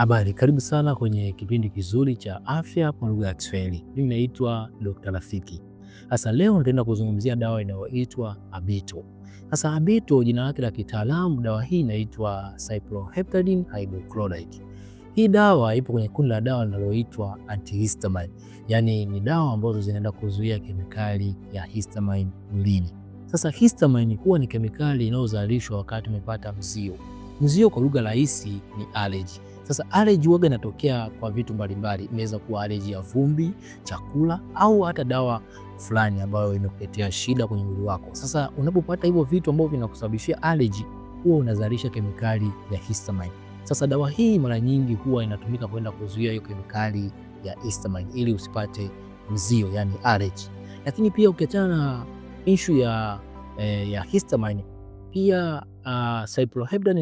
Habari, karibu sana kwenye kipindi kizuri cha afya kwa lugha ya Kiswahili. Mimi naitwa Dr. Rafiki. Sasa leo nitaenda kuzungumzia dawa inayoitwa Abito. Sasa Abito, jina lake la kitaalamu, dawa hii inaitwa cyproheptadine hydrochloride. Hii dawa ipo kwenye kundi la dawa linaloitwa antihistamine, yaani ni dawa ambazo zinaenda kuzuia kemikali ya histamine mwilini. Sasa histamine huwa ni kemikali inayozalishwa wakati umepata mzio. Mzio kwa lugha rahisi ni allergy. Sasa allergy huwa inatokea kwa vitu mbalimbali, inaweza kuwa allergy ya vumbi, chakula au hata dawa fulani ambayo imekuletea shida kwenye mwili wako. Sasa unapopata hivyo vitu ambavyo vinakusababishia allergy, huwa unazalisha kemikali ya histamine. Sasa dawa hii mara nyingi huwa inatumika kwenda kuzuia hiyo kemikali ya histamine ili usipate mzio, yani allergy. Lakini pia ukiachana na ishu ya, eh, ya histamine pia uh,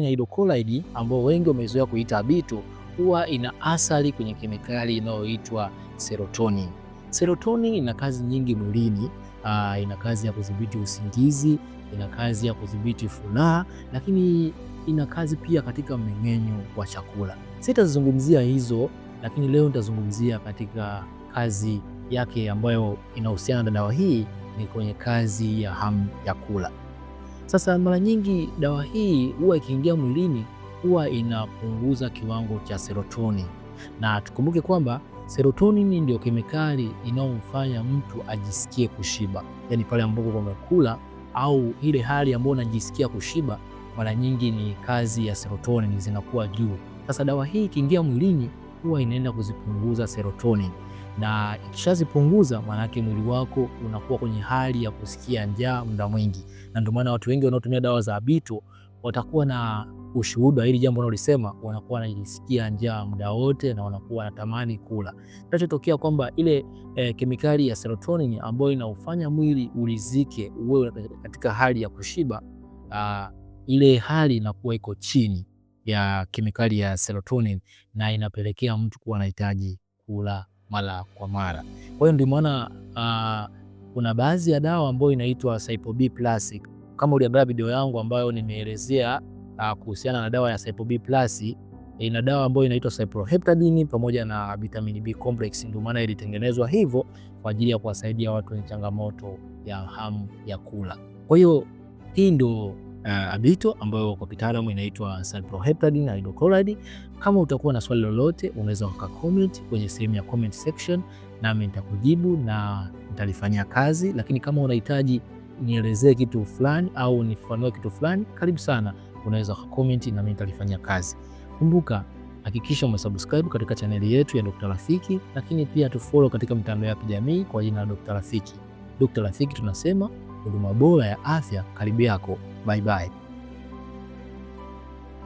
hydrochloride ambao wengi wamezoea kuita bitu huwa ina athari kwenye kemikali inayoitwa serotonin. Serotonin ina kazi nyingi mwilini. Uh, ina kazi ya kudhibiti usingizi, ina kazi ya kudhibiti furaha, lakini ina kazi pia katika mmeng'enyo wa chakula. Sitazungumzia hizo, lakini leo nitazungumzia katika kazi yake ambayo inahusiana na dawa hii, ni kwenye kazi ya hamu ya kula. Sasa mara nyingi dawa hii huwa ikiingia mwilini huwa inapunguza kiwango cha serotoni na tukumbuke kwamba serotonin ndio kemikali inayomfanya mtu ajisikie kushiba, yaani pale ambapo umekula au ile hali ambayo unajisikia kushiba, mara nyingi ni kazi ya serotonin zinakuwa juu. Sasa dawa hii ikiingia mwilini huwa inaenda kuzipunguza serotonin na ikishazipunguza, maanake mwili wako unakuwa kwenye hali ya kusikia njaa muda mwingi, na ndio maana watu wengi wanaotumia dawa za abito watakuwa na ushuhuda hili jambo unalosema, wanakuwa wanajisikia njaa muda wote na wanakuwa wanatamani kula. Kinachotokea kwamba ile e, kemikali ya serotonin ambayo inaufanya mwili ulizike, uwe katika hali ya kushiba a, ah, ile hali inakuwa iko chini ya kemikali ya serotonin na inapelekea mtu kuwa anahitaji kula mara kwa mara. Kwa hiyo ndio maana uh, kuna baadhi ya dawa ambayo inaitwa Cypro B Plus. Kama uliangalia video yangu ambayo nimeelezea uh, kuhusiana na dawa ya Cypro B Plus, ina dawa ambayo inaitwa cyproheptadine pamoja na vitamin B complex. Ndio maana ilitengenezwa hivyo kwa ajili ya kuwasaidia watu wenye changamoto ya hamu ya kula. Kwa hiyo hii ndio uh, abito ambayo kwa kitaalamu inaitwa salproheptadine hydrochloride. Kama utakuwa na swali lolote, unaweza comment kwenye sehemu ya comment section, nami nitakujibu na nitalifanyia kazi. Lakini kama unahitaji nielezee kitu fulani au nifanue kitu fulani, karibu sana, unaweza comment na mimi nitalifanyia kazi. Kumbuka, hakikisha umesubscribe katika chaneli yetu ya Dr. Rafiki, lakini pia tufollow katika mitandao ya kijamii kwa jina la Dr. Rafiki. Dr. Rafiki tunasema huduma bora ya afya karibu yako. Bye bye.